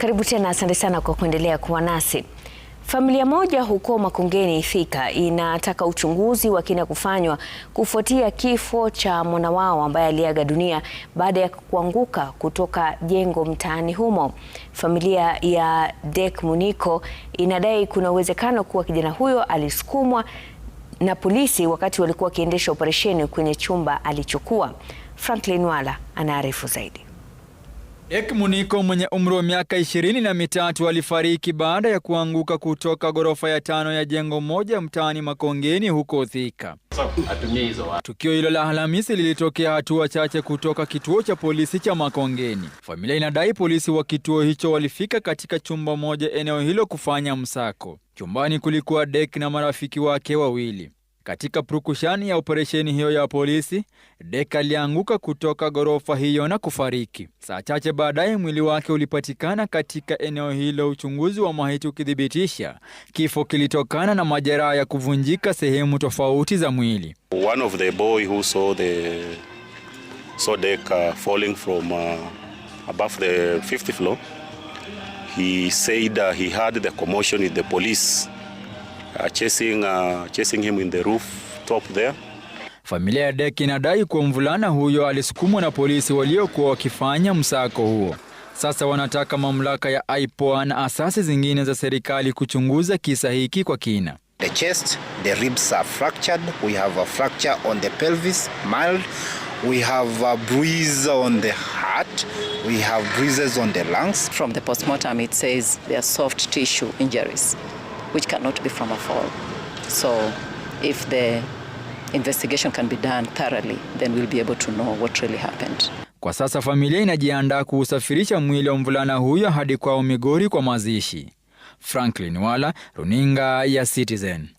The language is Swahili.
Karibu tena, asante sana kwa kuendelea kuwa nasi. Familia moja huko Makongeni Ithika inataka uchunguzi wa kina kufanywa kufuatia kifo cha mwana wao ambaye aliaga dunia baada ya kuanguka kutoka jengo mtaani humo. Familia ya Dek Muniko inadai kuna uwezekano kuwa kijana huyo alisukumwa na polisi wakati walikuwa wakiendesha operesheni kwenye chumba alichokuwa. Franklin Wala anaarifu zaidi. Ekmuniko mwenye umri wa miaka ishirini na mitatu alifariki baada ya kuanguka kutoka ghorofa ya tano ya jengo moja mtaani Makongeni huko Thika. Tukio hilo la Alhamisi lilitokea hatua chache kutoka kituo cha polisi cha Makongeni. Familia inadai polisi wa kituo hicho walifika katika chumba moja eneo hilo kufanya msako. Chumbani kulikuwa Dek na marafiki wake wawili. Katika purukushani ya operesheni hiyo ya polisi, Deka alianguka kutoka ghorofa hiyo na kufariki. Saa chache baadaye mwili wake ulipatikana katika eneo hilo, uchunguzi wa maiti ukithibitisha kifo kilitokana na majeraha ya kuvunjika sehemu tofauti za mwili. One of the boy who saw the saw falling from uh, above the fifth floor he said uh, he heard the commotion the police uh, chasing, uh, chasing him in the roof top there. Familia ya Deck inadai kuwa mvulana huyo alisukumwa na polisi waliokuwa wakifanya msako huo. Sasa wanataka mamlaka ya IPOA na asasi zingine za serikali kuchunguza kisa hiki kwa kina. The chest, the ribs are fractured. We have a fracture on the pelvis, mild. We have a bruise on the heart. We have bruises on the lungs. From the postmortem, it says they are soft tissue injuries which cannot be from a fall. So if the investigation can be done thoroughly, then we'll be able to know what really happened. Kwa sasa familia inajiandaa kuusafirisha mwili wa mvulana huyo hadi kwao Migori kwa mazishi. Franklin Wala, Runinga ya Citizen.